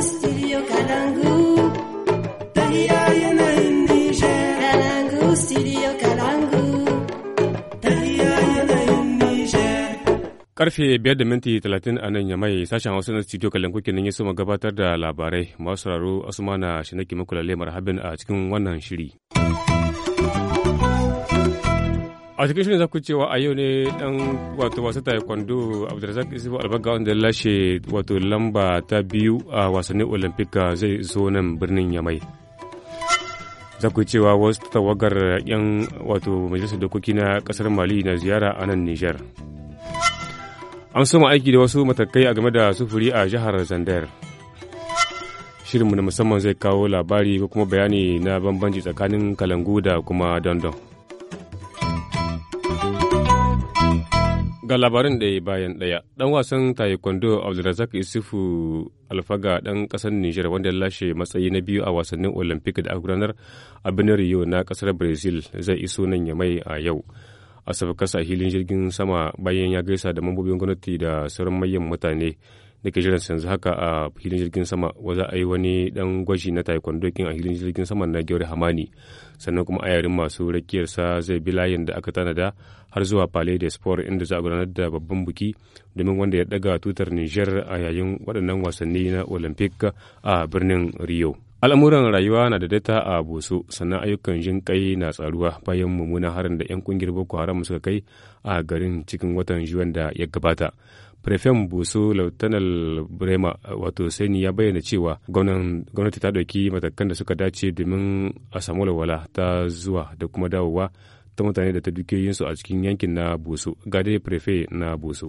studio Karfe biyar da minti talatin a nan ya mai sashen Hausa na studio kuke nan ya soma gabatar da labarai masu sauraro Asumana Shinaki Makulale Marhabin a cikin wannan shiri. a cikin shirin za ku cewa a yau ne dan wato wasu taekwondo abdulrazak isifu albaga wanda lashe wato lamba ta biyu a wasannin olympic zai zo nan birnin yamai za ku cewa wasu tawagar yan wato majalisar dokoki na kasar mali na ziyara a nan nijar an soma aiki da wasu matakai a game da sufuri a jihar zandar shirinmu na musamman zai kawo labari ko kuma bayani na bambanci tsakanin kalangu da kuma dandon. Ga labarin da ɗaya bayan ɗaya, ɗan wasan taekwondo Abdulrazak Isufu Alfaga ɗan ƙasar niger wanda ya lashe matsayi na biyu a wasannin Olympic da aka gudanar a birnin Rio na ƙasar Brazil zai iso nan ya mai a yau. A kasa hilin jirgin sama bayan ya gaisa da mambobin gwamnati da sauran manyan mutane da ke jiran yanzu haka a filin jirgin sama za a yi wani dan gwaji na taekwondo kin a filin jirgin sama na gyauri hamani sannan kuma ayarin masu rakiyar sa zai bi layin da aka tanada har zuwa palais de sport inda za a gudanar da babban buki domin wanda ya daga tutar niger a yayin waɗannan wasanni na olympic a birnin rio al'amuran rayuwa na da data a boso sannan ayyukan jin kai na tsaruwa bayan mummunan harin da 'yan kungiyar boko haram suka kai a garin cikin watan juwan da ya gabata Prefen busu lautanal Brema wato Sani ya bayyana cewa gwamnati ta ɗauki matakan da suka dace domin a samu walwala ta zuwa da kuma dawowa ta mutane da ta dukiyoyinsu a cikin yankin na Boso. Ga dai Prefe na Boso.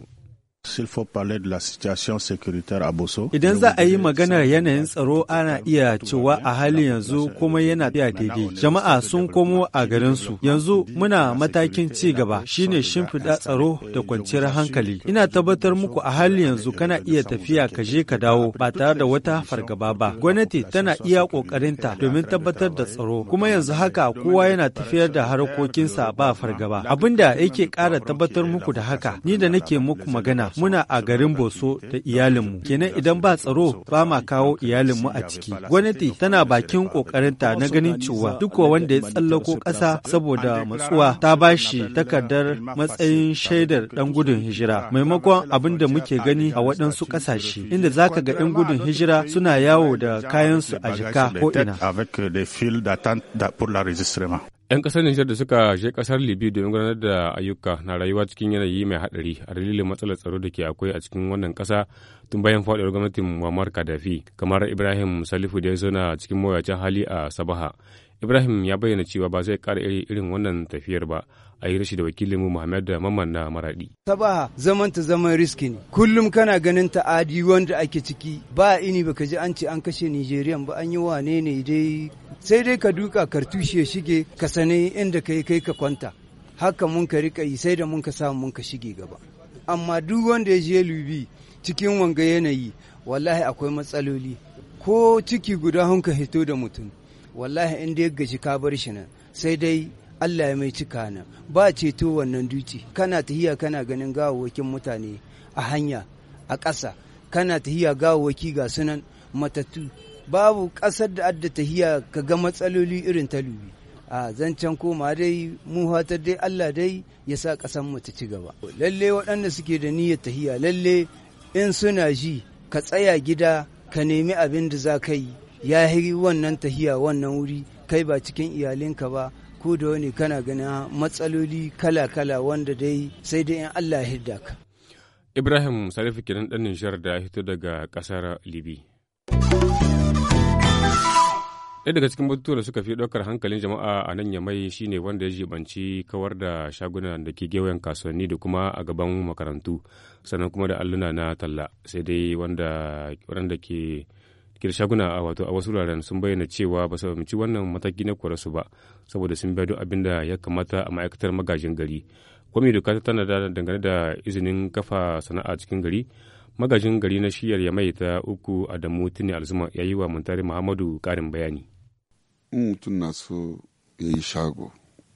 Idan za a yi maganar yanayin tsaro ana iya cewa a hali yanzu kuma yana biya daidai. Jama'a sun komo a garin su Yanzu muna matakin ci gaba shine shimfida tsaro da kwanciyar hankali. Ina tabbatar muku a hali yanzu kana iya tafiya ka je ka dawo ba tare da wata fargaba ba. Gwamnati tana iya ƙoƙarinta domin tabbatar da tsaro. Kuma yanzu haka kowa yana tafiyar da harkokinsa ba fargaba. abinda yake ƙara tabbatar muku da haka ni da nake muku magana muna a garin Boso da iyalinmu. Kenan idan ba tsaro ba ma kawo iyalinmu a ciki. Gwamnati tana bakin ƙoƙarinta na ganin cewa duk wanda ya tsallako ƙasa saboda matsuwa ta ba shi takardar matsayin shaidar ɗan gudun hijira. Maimakon abin da muke gani a waɗansu ƙasashe inda zaka ga 'yan gudun hijira suna yawo da kayansu a jika ko ina. 'Yan ƙasar Nijar da suka je kasar Libi domin gudanar da ayyuka na rayuwa cikin yanayi mai haɗari a dalilin matsalar tsaro da ke akwai a cikin wannan kasa tun bayan faɗuwar gwamnatin Muammar kadafi kamar Ibrahim Salifu da ya zauna cikin mawuyacin hali a Sabaha. Ibrahim ya bayyana cewa ba zai ƙara iri irin wannan tafiyar ba. a yi rashi da wakilinmu Muhammad da Mamman na Maradi. Sabaha zaman ta zaman riski ne. Kullum kana ganin ta'adi wanda ake ciki ba ini baka ji an ce an kashe Nigerian ba an yi wane ne dai sai dai ka duka kartushi ya shige ka sane inda ka yi kai ka kwanta haka mun ka rika yi sai da mun ka samu mun ka shige gaba amma duk wanda ya je lubi cikin wanga yanayi wallahi akwai matsaloli ko ciki guda hun ka hito da mutum wallahi in dai gaji ka bar shi nan sai dai Allah ya mai cika nan ba ceto wannan duci kana tahiya kana ganin gawawakin mutane a hanya a ƙasa kana tahiya gawawaki ga sunan matattu babu ƙasar da adda tahiya ka ga matsaloli irin ta lubi a zancen koma dai mu hatar dai Allah dai ya sa ƙasar mu ta ci gaba lalle waɗanda suke da niyyar tahiya lalle in suna ji ka tsaya gida ka nemi abin da za ka yi ya yi wannan tahiya wannan wuri kai ba cikin iyalinka ba ko da wani kana gana matsaloli kala-kala wanda dai sai dai in Allah ya hidda ka. Ibrahim Sarifu kiran ɗan Nijar da hito daga ƙasar Libya. ɗaya daga cikin batutuwa da suka fi ɗaukar hankalin jama'a a nan yamai shine wanda ya jibanci kawar da shagunan da ke gewayen kasuwanni da kuma a gaban makarantu sannan kuma da alluna na talla sai dai wanda ke ke da shaguna a wato a wasu wuraren sun bayyana cewa ba su fahimci wannan mataki na kwarasu ba saboda sun biya duk abin da ya kamata a ma'aikatar magajin gari kwami doka ta tana da dangane da izinin kafa sana'a cikin gari magajin gari na shiyar yamai ta uku adamu tuni alzuma ya yi wa muntari muhammadu karin bayani in mutum na so ya yi shago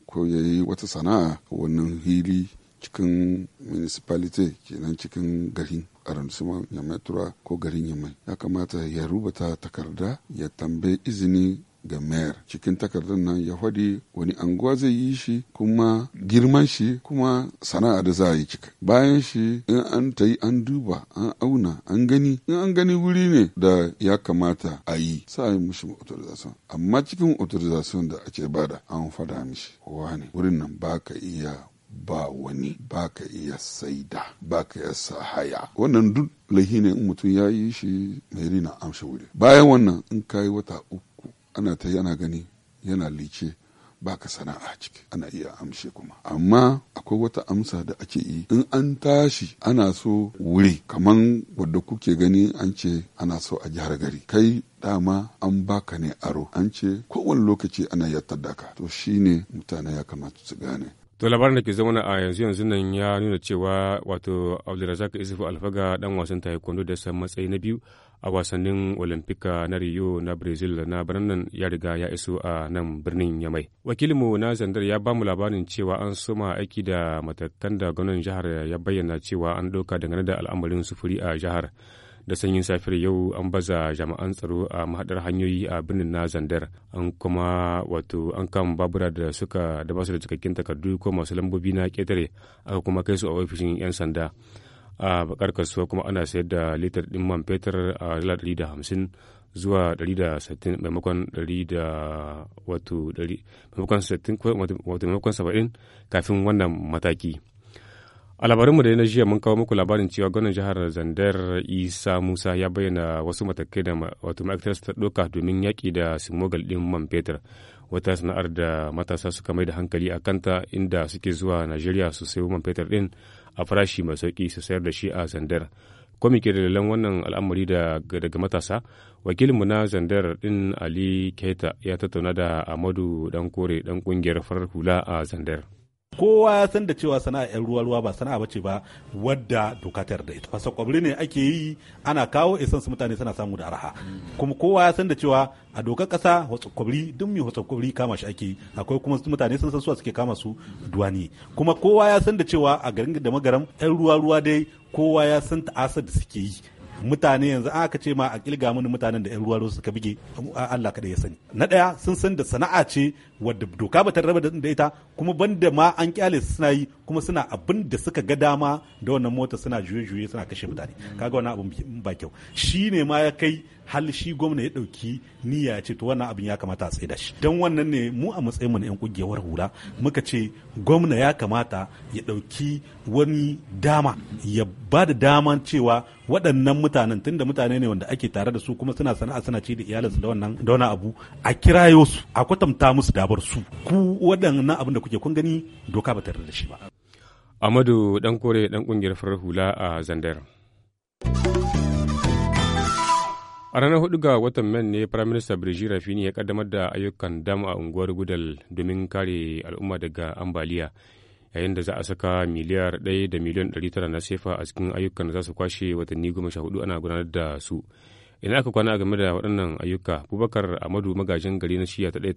ko ya yi wata sana'a wannan hili cikin municipality kenan cikin garin arandisman yamai tura ko garin yamai ya kamata ya rubuta takarda ya tambayi izini ga mayar cikin takardar nan ya faɗi wani anguwa zai yi shi kuma girman shi kuma sana'a da za a yi cika bayan shi in an ta yi an duba an auna an gani in an gani wuri ne da ya kamata a yi sa yi mishi authorization amma cikin authorization da ake bada an fada mishi ne wurin nan ba ka iya ba wani ba ka iya saida ba ka iya sahaya wannan duk lahi ne in mutum ya yi shi mai rina amshi wuri bayan wannan in ka yi wata uku ana ta yana gani yana lice ka sana'a ciki ana iya amshe kuma amma akwai wata amsa da ake yi in an tashi ana so wuri kaman wadda kuke gani an ce ana so a jihar gari kai dama an baka ne aro an ce kowane lokaci ana yattar daka. to shine mutane ya kamata su gane to labarin da ke zama a yanzu yanzu nan ya nuna cewa wato abdulrazak isufu alfaga dan wasan taekwondo da ya matsayi na biyu a wasannin Olimpika na Rio na Brazil na birnin ya riga ya iso a nan birnin ya mai. Wakilinmu na Zandar ya bamu labarin cewa an soma aiki da matakan da gwamnan jihar ya bayyana cewa an doka dangane da al'amarin sufuri a jihar. da sanyin safiyar yau an baza jama'an tsaro a mahadar hanyoyi a birnin na zandar an kuma wato an kama babura da suka da basu da cikakken takardu ko masu lambobi na ketare aka kuma kai su a ofishin 'yan sanda a bakar kasuwa kuma ana sayar da litar ɗin man fetur a dala ɗari da hamsin zuwa ɗari da sittin maimakon ɗari da wato ɗari maimakon sittin maimakon saba'in kafin wannan mataki. A labarinmu da na jiya mun kawo muku labarin cewa gwamnan jihar Zandar Isa Musa ya bayyana wasu matakai da wato ma'aikatar ta ɗauka domin yaƙi da simogal ɗin man fetur. Wata sana'ar da matasa suka mai da hankali a kanta inda suke zuwa Najeriya su sayo man fetur ɗin a farashi mai sauki su sayar da shi a zandar ko muke dalilan wannan al'amari daga matasa wakilinmu na zandar din ali keita ya tattauna da amadu dan kore dan kungiyar farar hula a zandar kowa ya san da cewa sana'a yan ruwa ruwa ba sana'a bace ba wadda doka ta yarda ita fasa kwabri ne ake yi ana kawo isan su mutane suna samu da araha kuma kowa ya san da cewa a dokar kasa watsa kwabri duk mai watsa kwabri kama shi ake akwai kuma mutane sun san su suke kama su duwani kuma kowa ya san da cewa a garin da magaram yan ruwa ruwa dai kowa ya san ta'asar da suke yi mutane yanzu an aka ce ma a kilga mini mutanen da 'yan ruwa suka bige Allah kada ya sani na ɗaya sun san da sana'a ce wadda doka ba ta raba da ita kuma banda ma an kyale suna yi kuma suna abin da suka ga dama da wannan mota suna juye-juye suna kashe mutane kaga wannan abin ba kyau shi ne ma ya kai hal shi gwamna ya dauki niyya ya ce to wannan abin ya kamata a da shi don wannan ne mu a matsayin mu na yan kungiyar hula muka ce gwamna ya kamata ya dauki wani dama ya ba da dama cewa waɗannan mutanen tunda mutane ne wanda ake tare da su kuma suna sana'a suna ci da iyalinsu da wannan da wannan abu a kirayo su a kwatanta musu dabar su ku waɗannan abin da kuke kun gani doka ba ta da shi ba Amadu ɗan kore ɗan ƙungiyar farar hula a Zandar. A ranar hudu ga watan men ne Prime Minister Birji Rafini ya kaddamar da ayyukan dam a unguwar Gudal domin kare al'umma daga ambaliya. yayin da za a saka miliyar ɗaya da miliyan ɗari tara na sefa a cikin ayyukan da za su kwashe watanni goma sha hudu ana gudanar da su ina aka kwana game da waɗannan ayyuka bubakar amadu magajin gari na shiya ta ɗaya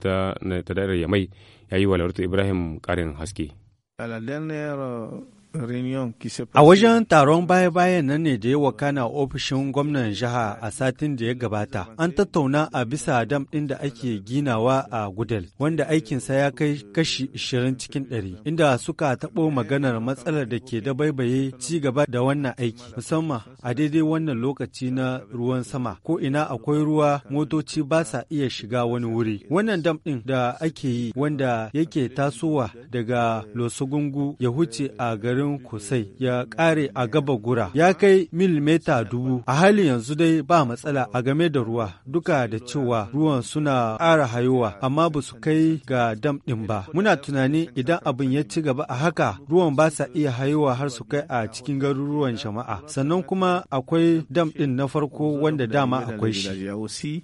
ta da'irar yamai ya yi wa ibrahim ƙarin haske à la dernière uh, A wajen taron baya-bayan nan ne da ya wakana ofishin gwamnan jiha a satin da ya gabata, an tattauna a bisa dam ɗin da ake ginawa a Gudel, wanda aikinsa ya kai kashi 20 cikin ɗari, inda suka taɓo maganar matsalar da ke da baibaye ci gaba da wannan aiki, musamman a daidai wannan lokaci na ruwan sama, ko ina akwai ruwa motoci ba sa iya shiga wani wuri. Wannan dam ɗin da ake yi wanda yake tasowa daga Losogungu ya huce a garin garin Kusai ya ƙare a gaba gura ya kai milimeta dubu a hali yanzu dai ba matsala a game da ruwa duka da cewa ruwan suna ƙara hayowa amma ba su kai ga dam ɗin ba. Muna tunani idan abin ya ci gaba a haka ruwan ba sa iya hayowa har su kai a cikin garuruwan jama'a sannan kuma akwai dam ɗin na farko wanda dama akwai shi.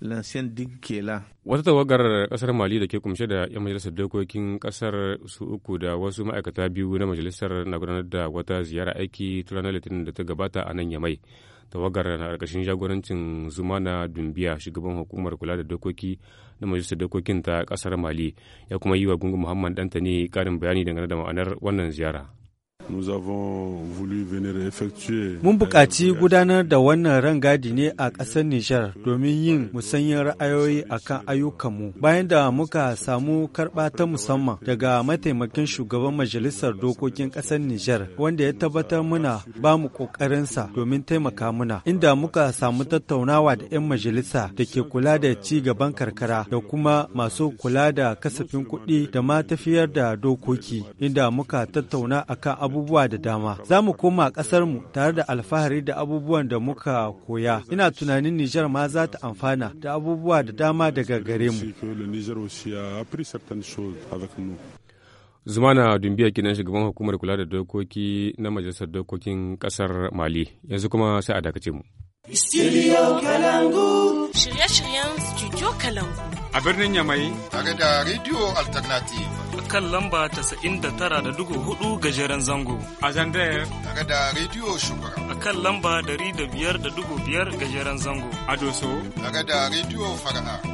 Wata tawagar kasar Mali da ke kumshe da 'yan majalisar dokokin kasar su uku da wasu ma'aikata biyu na majalisar na gudanar da wata ziyara aiki ta ranar Litinin da ta gabata a nan Yamai. Tawagar na ƙarƙashin jagorancin zuma na Dumbiya shugaban hukumar kula da dokoki na majalisar dokokin ta kasar Mali ya kuma yi wa Gungun Muhammad Dantani ƙarin bayani dangane da ma'anar wannan ziyara. Mun buƙaci gudanar da wannan rangadi ne a ƙasar Nijar domin yin musanyen ra'ayoyi a kan ayyukanmu bayan da muka samu karɓa ta musamman daga mataimakin shugaban majalisar dokokin ƙasar Nijar wanda ya tabbatar muna ba mu ƙoƙarinsa domin taimaka muna inda muka samu tattaunawa da 'yan majalisa da ke kula da ci gaban karkara da kuma masu kula da kasafin kuɗi da ma tafiyar da dokoki inda muka tattauna akan abubuwa da dama. Za mu koma mu tare da alfahari da abubuwan da muka koya. Ina tunanin Nijar ma za ta amfana da abubuwa da dama daga gare mu. Zumana Dumbiya kenan shugaban hukumar kula da dokoki na Majalisar Dokokin Ƙasar Mali, yanzu kuma sai a dakace mu. Studio Kalangu. Shirye-shiryen Studio Kalangu. A birnin Yamai. Tare da Radio Alternative. A kan lamba da tara da dugu hudu gajeren zango. A Zandaya. Tare da Radio Shugaba. A kan lamba dari da biyar da biyar dugu biyar gajeren zango. A Doso. Tare da Radio Fara'a.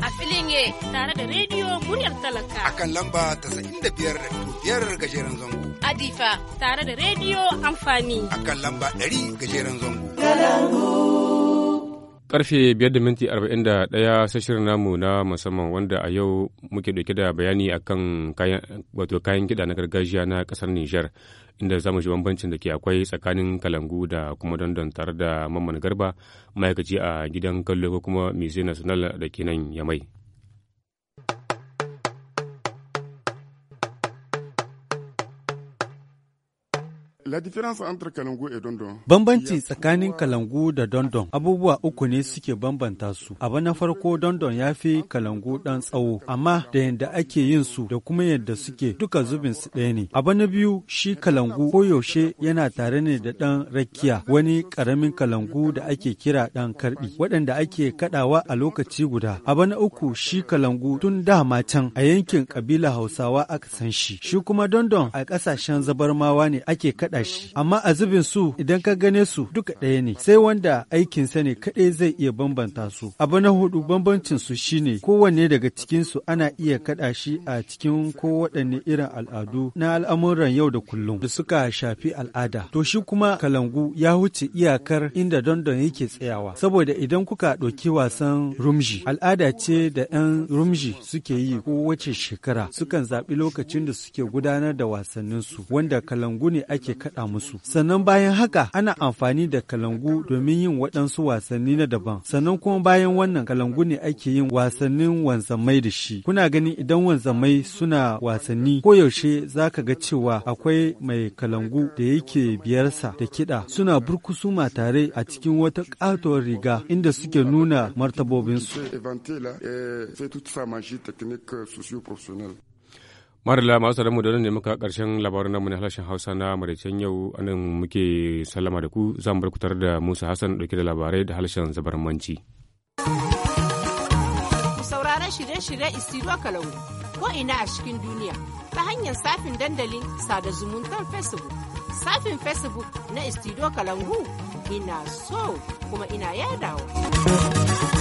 a filin ye tare da rediyo muryar talaka a kan lamba da biyar da biyar gajeren zango adifa tare da rediyo amfani a kan lamba ɗari gajeren zango Karfe biyar da minti ɗaya sashirin namu na musamman wanda a yau muke dauke da bayani a kan wato kayan kiɗa na gargajiya na ƙasar Nijar inda za mu ji bambancin da ke akwai tsakanin kalangu da kuma dandon tare da mamman garba ma'aikaci a gidan kallo ko kuma Musée National da ke nan Yamai. Bambanci tsakanin kalangu da dondon abubuwa uku ne suke bambanta su. Abu na farko dondon ya fi kalangu ɗan tsawo, amma da yadda ake yin su da kuma yadda suke duka zubin su ɗaya ne. Abu na biyu shi kalangu koyaushe yana tare ne da ɗan rakiya wani ƙaramin kalangu da ake kira ɗan karbi waɗanda ake kaɗawa a lokaci guda. Abu na uku shi kalangu tun dama can a yankin ƙabila Hausawa aka san shi. Shi kuma dondon a ƙasashen zabarmawa ne ake kaɗa haɗa shi amma a zubin su idan ka gane su duka ɗaya ne sai wanda aikinsa ne kaɗai zai iya bambanta su abu na hudu bambancin su shine kowanne daga cikin su ana iya kaɗa shi a cikin ko waɗanne irin al'adu na al'amuran yau da kullum da suka shafi al'ada to shi kuma kalangu ya wuce iyakar inda dondon yake tsayawa saboda idan kuka ɗauki wasan rumji al'ada ce da 'yan rumji suke yi ko wace shekara sukan zaɓi lokacin da suke gudanar da wasanninsu wanda kalangu ne ake kaɗa musu. Sannan bayan haka ana amfani da kalangu domin yin waɗansu wasanni na daban. Sannan kuma bayan wannan kalangu ne ake yin wasannin wanzamai da shi. Kuna gani idan wanzamai suna wasanni koyaushe za ka ga cewa akwai mai kalangu da yake biyarsa da kiɗa suna burkusuma tare a cikin wata ƙatuwar riga inda suke nuna martabobinsu. Marila masu da mu da ne muka karshen labarin namu na halashin Hausa na maraicen yau anan muke sallama da ku zan bar kutar da Musa Hassan dauke da labarai da halashin zabarmanci. Sauraron shirye-shirye Isiro Kalau ko ina a cikin duniya ta hanyar safin dandalin sada zumuntar Facebook. Safin Facebook na Isiro Kalangu ina so kuma ina yadawa.